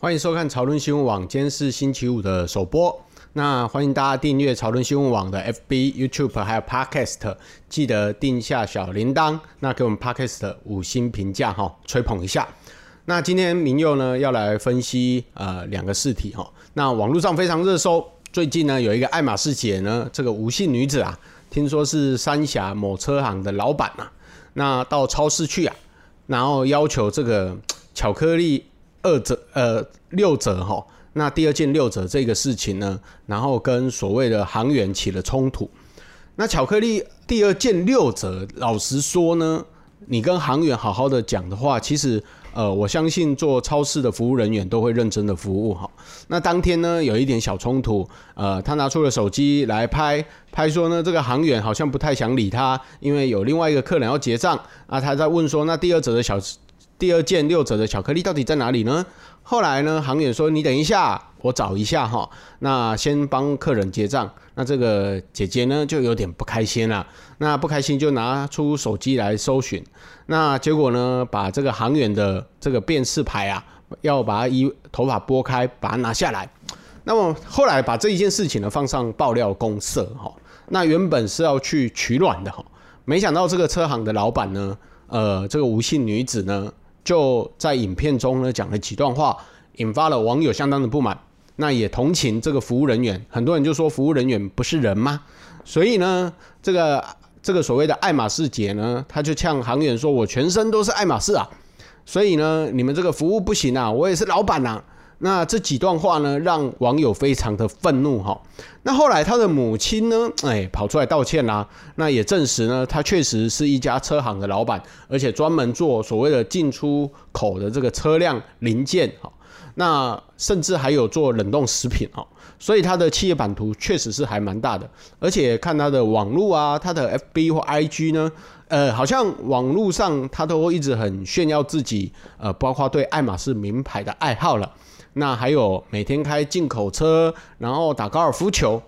歡迎收看潮論新聞網，今天是星期五的首播。那歡迎大家訂閱潮論新聞網的 FB、YouTube 還有 Podcast，記得訂下小鈴鐺，那給我們 Podcast 五星評價吼，吹捧一下。那今天明佑呢要來分析呃兩個事題哈。那網絡上非常熱搜，最近呢有一個愛馬仕姐呢，這個吳姓女子啊，聽說是三峽某車行的老闆啊，那到超市去啊，然後要求這個巧克力。二者，呃，六折吼，那第二件六折這個事情呢，然後跟所謂的行員起了衝突。那巧克力第二件六折，老實說呢，你跟行員好好的講的話，其實，呃，我相信做超市的服務人員都會認真的服務哈。那當天呢，有一點小衝突，呃，他拿出了手機來拍，拍說呢，這個行員好像不太想理他，因為有另外一個客人要結賬啊。他在問說，那第二者的小。第二件六折的巧克力到底在哪裡呢？後來呢，行員說：“你等一下，我找一下哈。”那先幫客人結賬。那這個姐姐呢，就有點不開心了。那不開心就拿出手機來搜尋。那結果呢，把這個行員的這個辨識牌啊，要把一頭髮撥開，把它拿下來。那麼後來把這一件事情呢，放上爆料公社哈。那原本是要去取卵的哈，沒想到這個車行的老闆呢，呃，這個吳姓女子呢。就在影片中呢講了幾段話，引發了網友相當的不滿。那也同情這個服務人員，很多人就說服務人員不是人嗎？所以呢，這個這個所謂的愛馬仕姐呢，她就嗆行員說：“我全身都是愛馬仕啊！所以呢，你們這個服務不行啊，我也是老闆啊。”那這幾段話呢，讓網友非常的憤怒哈。那後來他的母親呢，哎，跑出來道歉啦。那也證實呢，他確實是一家車行的老板，而且專門做所謂的進出口的這個車輛零件哈。那甚至還有做冷凍食品哈，所以他的企業版圖確實是還蠻大的。而且看他的網路啊，他的 FB 或 IG 呢，呃，好像網路上他都一直很炫耀自己，呃，包括對愛馬仕名牌的愛好了。那還有每天開進口車，然後打高爾夫球，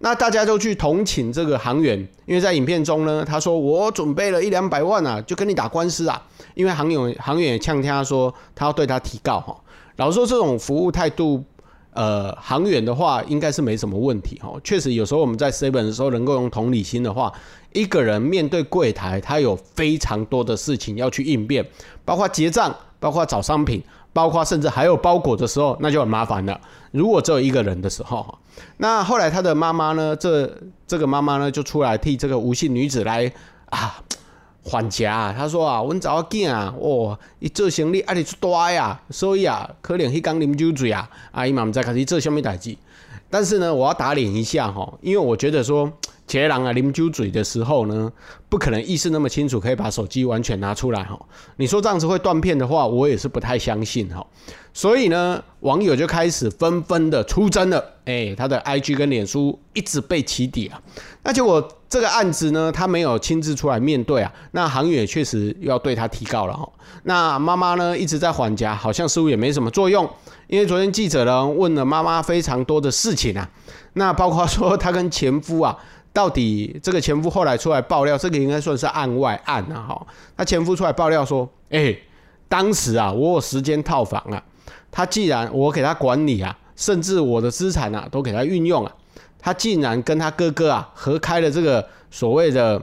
那大家就去同情這個行員，因為在影片中呢，他說我準備了一兩百萬啊，就跟你打官司啊。因為行員行員也嗆聽他說，他要對他提告哈、喔。老實說，這種服務態度，呃，行員的話應該是沒什麼問題哈。確實，有時候我們在 seven 的時候，能夠用同理心的話，一個人面對櫃台，他有非常多的事情要去應變，包括結賬，包括找商品。包括甚至還有包裹的時候，那就很麻煩了。如果只有一個人的時候，那後來他的媽媽呢？這這個媽媽呢，就出來替這個吳姓女子來啊緩頰。他說啊，我找阿囝啊，哦，伊做行李阿裡出多呀，所以啊，可憐乞剛淋酒水啊，阿姨媽咪在開始做消滅打擊。但是呢，我要打臉一下哈，因為我覺得說。杰狼啊，啉酒醉的時候呢，不可能意識那麼清楚，可以把手機完全拿出來哈。你說這樣子會斷片的話，我也是不太相信哈。所以呢，網友就開始紛紛的出征了。誒、欸、他的 IG 跟臉書一直被起底啊。那結果這個案子呢，他沒有親自出來面對啊。那航遠也確實要對他提告了哈。那媽媽呢，一直在緩頰，好像似乎也沒什麼作用。因為昨天記者呢，問了媽媽非常多的事情啊，那包括說他跟前夫啊。到底這個前夫後來出來爆料，這個應該算是案外案啊。哈，他前夫出來爆料說，哎，當時啊，我有十間套房啊，他既然我給他管理啊，甚至我的資產啊，都給他運用啊，他竟然跟他哥哥啊合開了這個所謂的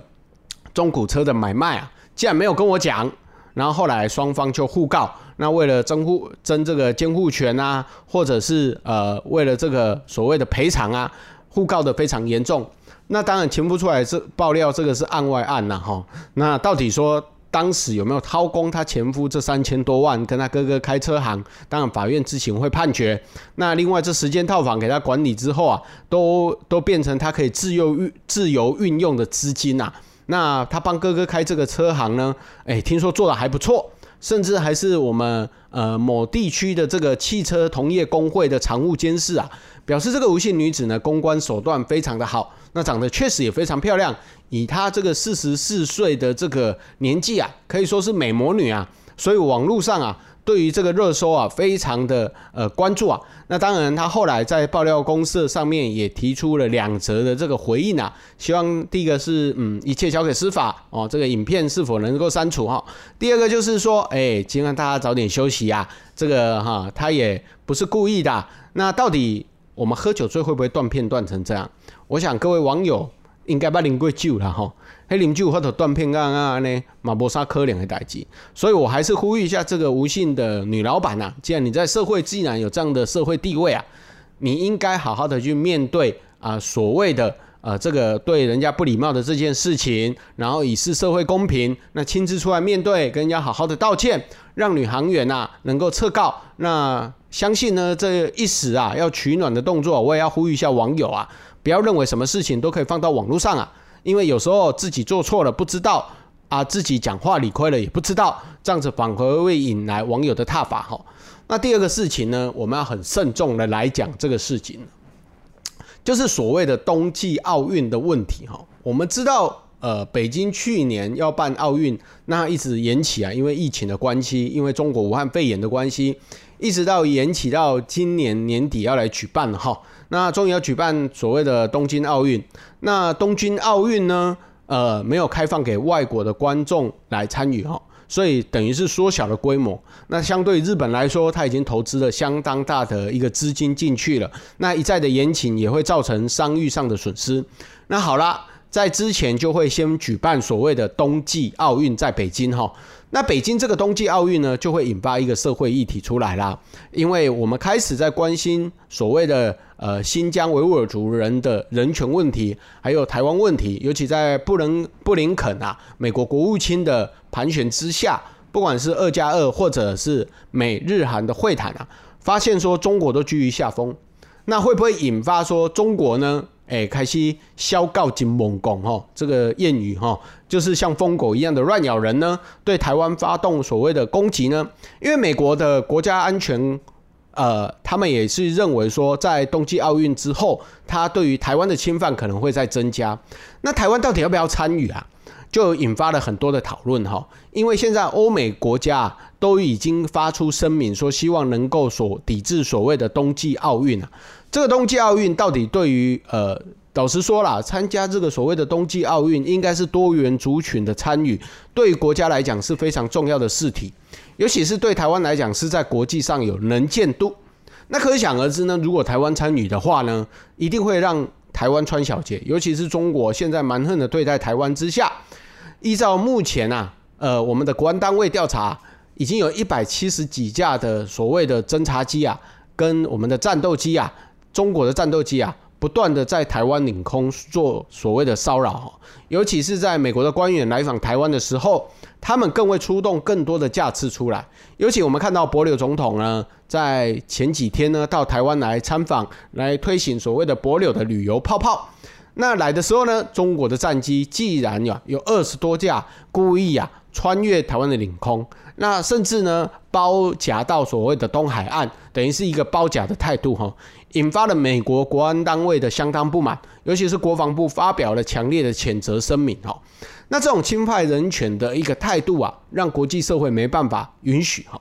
中古車的買賣啊，竟然沒有跟我講。然後後來雙方就互告，那為了爭護爭這個監護權啊，或者是呃為了這個所謂的賠償啊，互告的非常嚴重。那當然，前夫出來是爆料，這個是案外案吶，哈。那到底說當時有沒有掏空他前夫這三千多萬，跟他哥哥開車行？當然，法院之前會判決。那另外這十間套房給他管理之後啊，都都變成他可以自由運、自由運用的資金啊，那他幫哥哥開這個車行呢？哎、欸，聽說做得還不錯。甚至還是我們呃某地區的這個汽車同業公會的常務監事啊，表示這個吳姓女子呢，公關手段非常的好，那長得確實也非常漂亮，以她這個四十四歲的這個年紀啊，可以說是美魔女啊，所以網絡上啊。對於這個熱搜啊，非常的呃關注啊。那當然，他後來在爆料公社上面也提出了兩則的這個回應啊。希望第一個是，嗯，一切交給司法哦，這個影片是否能夠刪除哈、哦？第二個就是說，哎，今晚大家早點休息啊。這個哈、啊，他也不是故意的、啊。那到底我們喝酒醉會不會斷片斷成這樣？我想各位網友應該把林貴救他。哈。黑鄰就或者斷片案啊呢，馬博沙可憐的打擊，所以我還是呼籲一下這個吳姓的女老闆吶，既然你在社會，既然有這樣的社會地位啊，你應該好好的去面對啊所謂的呃、啊、這個對人家不禮貌的這件事情，然後以示社會公平，那親自出來面對，跟人家好好的道歉，讓女行員吶、啊、能夠撤告，那相信呢這一時啊要取暖的動作，我也要呼籲一下網友啊，不要認為什麼事情都可以放到網絡上啊。因為有時候自己做錯了不知道啊，自己講話理虧了也不知道，這樣子反而會引來網友的撻伐哈。那第二個事情呢，我們要很慎重的來講這個事情，就是所謂的冬季奧運的問題哈。我們知道，呃，北京去年要辦奧運，那一直延期啊，因為疫情的關係，因為中國武漢肺炎的關係，一直到延期到今年年底要來舉辦哈。那終於要舉辦所謂的東京奧運，那東京奧運呢，呃，沒有開放給外國的觀眾來參與哈，所以等於是縮小了規模。那相對日本來說，他已經投資了相當大的一個資金進去了，那一再的延遲也會造成商譽上的損失。那好啦，在之前就會先舉辦所謂的冬季奧運在北京哈。那北京這個冬季奧運呢，就會引發一個社會議題出來啦，因為我們開始在關心所謂的呃新疆維吾爾族人的人權問題，還有台灣問題，尤其在布林布林肯啊美國國務卿的盤旋之下，不管是二加二或者是美日韓的會談啊，發現說中國都居於下風，那會不會引發說中國呢？哎、欸，開始消告、金猛攻哈，這個諺語哈，就是像瘋狗一樣的亂咬人呢。對台灣發動所謂的攻擊呢？因為美國的國家安全，呃，他們也是認為說，在冬季奧運之後，他對於台灣的侵犯可能會再增加。那台灣到底要不要參與啊？就引發了很多的討論哈。因為現在歐美國家都已經發出聲明，說希望能夠所抵制所謂的冬季奧運這個冬季奧運到底對於呃，老實說啦，參加這個所謂的冬季奧運，應該是多元族群的參與，對於國家來講是非常重要的事體，尤其是對台灣來講，是在國際上有能見度。那可想而知呢，如果台灣參與的話呢，一定會讓台灣穿小鞋，尤其是中國現在蠻橫的對待台灣之下，依照目前啊，呃，我們的國安單位調查，已經有一百七十幾架的所謂的偵察機啊，跟我們的戰鬥機啊。中國的戰鬥機啊，不斷的在台灣領空做所謂的騷擾，尤其是在美國的官員來訪台灣的時候，他們更會出動更多的架次出來。尤其我們看到帛琉總統呢，在前幾天呢到台灣來參訪，來推行所謂的帛琉的旅遊泡泡。那來的時候呢，中國的戰機既然呀有二十多架，故意呀、啊、穿越台灣的領空。那甚至呢，包夾到所謂的東海岸，等於是一個包夾的態度哈，引發了美國國安單位的相當不滿，尤其是國防部發表了強烈的譴責聲明哈。那這種侵犯人權的一個態度啊，讓國際社會沒辦法允許哈。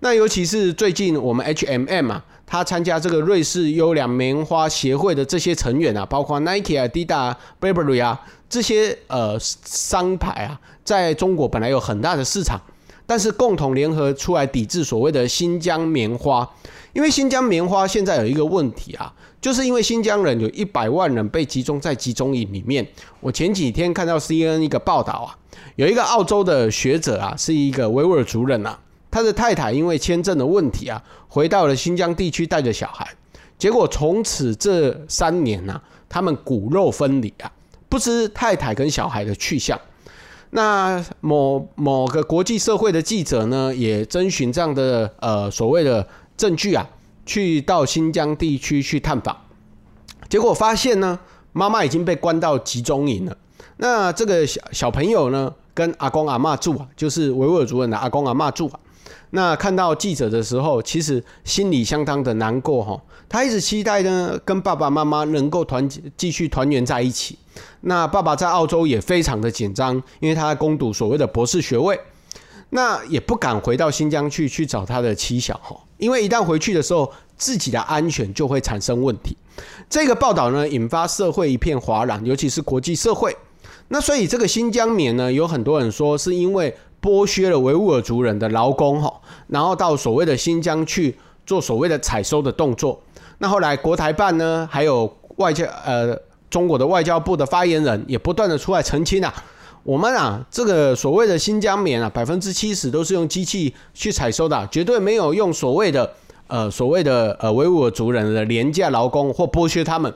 那尤其是最近我們 H M M 啊，他參加這個瑞士優良棉花協會的這些成員啊，包括 Nike 啊、Adidas、Burberry 啊這些呃商牌啊，在中國本來有很大的市場。但是共同聯合出來抵制所謂的新疆棉花，因為新疆棉花現在有一個問題啊，就是因為新疆人有一百萬人被集中在集中營裡面。我前幾天看到 CNN 一個報道啊，有一個澳洲的學者啊，是一個維吾爾族人啊，他的太太因為簽證的問題啊，回到了新疆地區帶着小孩，結果從此這三年吶、啊，他們骨肉分離啊，不知太太跟小孩的去向。那某某個國際社會的記者呢，也徵詢這樣的呃所謂的證據啊，去到新疆地區去探訪，結果發現呢，媽媽已經被關到集中營了。那這個小小朋友呢，跟阿公阿嬤住啊，就是維吾爾族人的阿公阿嬤住啊。那看到記者的時候，其實心裡相當的難過哈。他一直期待呢，跟爸爸媽媽能夠團繼續團圓在一起。那爸爸在澳洲也非常的緊張，因為他在攻讀所謂的博士學位，那也不敢回到新疆去去找他的妻小，因為一旦回去的時候，自己的安全就會產生問題。這個報道呢，引發社會一片嘩然，尤其是國際社會。那所以這個新疆棉呢，有很多人說是因為剝削了維吾爾族人的勞工吼，然後到所謂的新疆去做所謂的採收的動作。那後來國台辦呢，還有外交呃。中國的外交部的發言人也不斷的出來澄清啊，我們啊這個所謂的新疆棉啊，百分之七十都是用機器去採收的啊，絕對沒有用所謂的呃所謂的呃所謂的呃維吾爾族人的廉價勞工或剝削他們。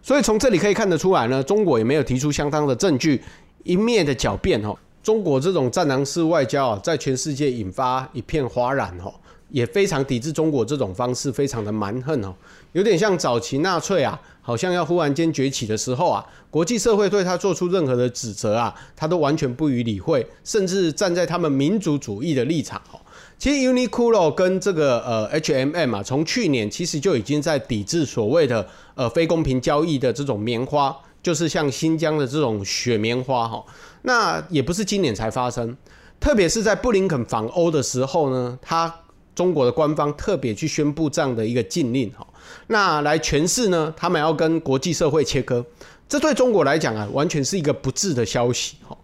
所以從這裡可以看得出來呢，中國也沒有提出相當的證據，一面的狡辯哦。中國這種戰狼式外交啊，在全世界引發一片嘩然哦。也非常抵制中國這種方式，非常的蠻橫哦，有點像早期納粹啊，好像要忽然間崛起的時候啊，國際社會對他做出任何的指責啊，他都完全不予理會，甚至站在他們民族主義的立場喔，其實 Uniqlo 跟這個呃 H&M 啊，從去年其實就已經在抵制所謂的呃非公平交易的這種棉花，就是像新疆的這種雪棉花哈、喔。那也不是今年才發生，特別是在布林肯訪歐的時候呢，他。中國的官方特別去宣布這樣的一個禁令哈，那來詮釋呢？他們要跟國際社會切割，這對中國來講啊，完全是一個不智的消息哈。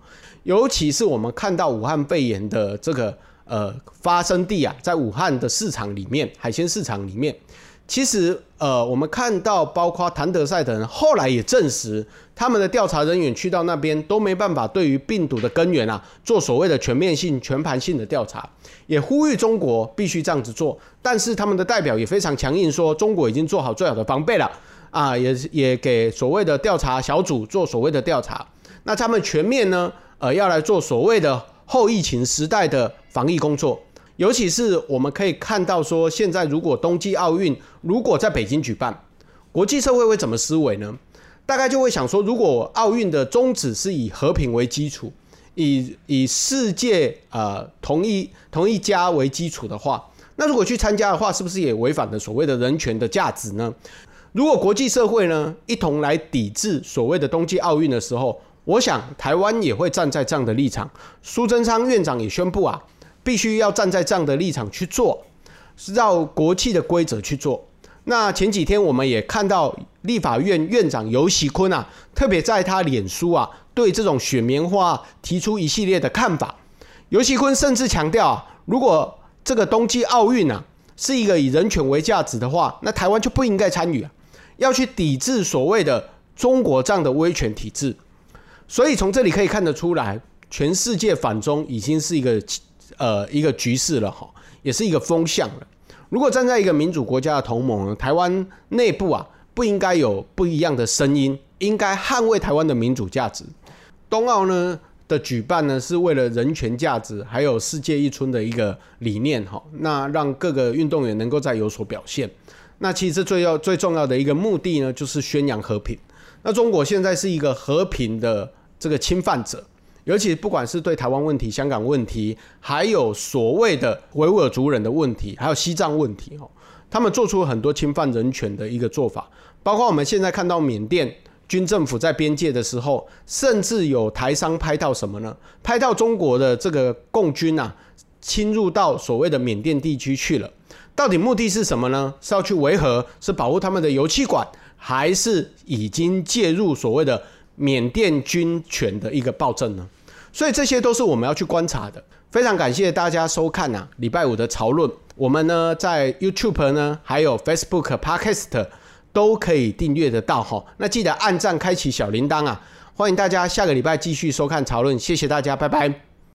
尤其是我們看到武漢肺炎的這個呃發生地啊，在武漢的市場裡面，海鮮市場裡面。其實，呃，我們看到，包括譚德賽等人，後來也證實，他們的調查人員去到那邊都沒辦法，對於病毒的根源啊，做所謂的全面性、全盤性的調查，也呼籲中國必須這樣子做。但是，他們的代表也非常強硬，說中國已經做好最好的防備了，啊，也也給所謂的調查小組做所謂的調查。那他們全面呢，呃，要來做所謂的後疫情時代的防疫工作。尤其是我們可以看到，說現在如果冬季奧運如果在北京舉辦，國際社會會怎麼思維呢？大概就會想說，如果奧運的宗旨是以和平為基礎，以以世界呃同一同一家為基礎的話，那如果去參加的話，是不是也違反了所謂的人權的價值呢？如果國際社會呢一同來抵制所謂的冬季奧運的時候，我想台灣也會站在這樣的立場。蘇貞昌院長也宣布啊。必須要站在這樣的立場去做，是照國際的規則去做。那前幾天我們也看到立法院院長游錫堃啊，特別在他臉書啊，對這種選棉花、啊、提出一系列的看法。游錫堃甚至強調啊，如果這個冬季奧運啊是一個以人權為價值的話，那台灣就不應該參與啊，要去抵制所謂的中國這樣的威權體制。所以從這裡可以看得出來，全世界反中已經是一個。呃，一個局勢了哈，也是一個風向了。如果站在一個民主國家的同盟呢，台灣內部啊不應該有不一樣的聲音，應該捍衛台灣的民主價值。冬奧呢的舉辦呢是為了人權價值，還有世界一村的一個理念哈，那讓各個運動員能夠再有所表現。那其實最要最重要的一個目的呢，就是宣揚和平。那中國現在是一個和平的這個侵犯者。尤其不管是對台灣問題、香港問題，還有所謂的維吾爾族人的問題，還有西藏問題哦，他們做出了很多侵犯人權的一個做法。包括我們現在看到緬甸軍政府在邊界的時候，甚至有台商拍到什麼呢？拍到中國的這個共軍吶、啊，侵入到所謂的緬甸地區去了。到底目的是什麼呢？是要去維和，是保護他們的油氣管，還是已經介入所謂的緬甸軍權的一個暴政呢？所以這些都是我們要去觀察的。非常感謝大家收看啊，禮拜五的潮論。我們呢在 YouTube 呢，還有 Facebook Podcast 都可以訂閱得到哈。那記得按讚，開啟小鈴鐺啊。歡迎大家下個禮拜繼續收看潮論，謝謝大家，拜拜。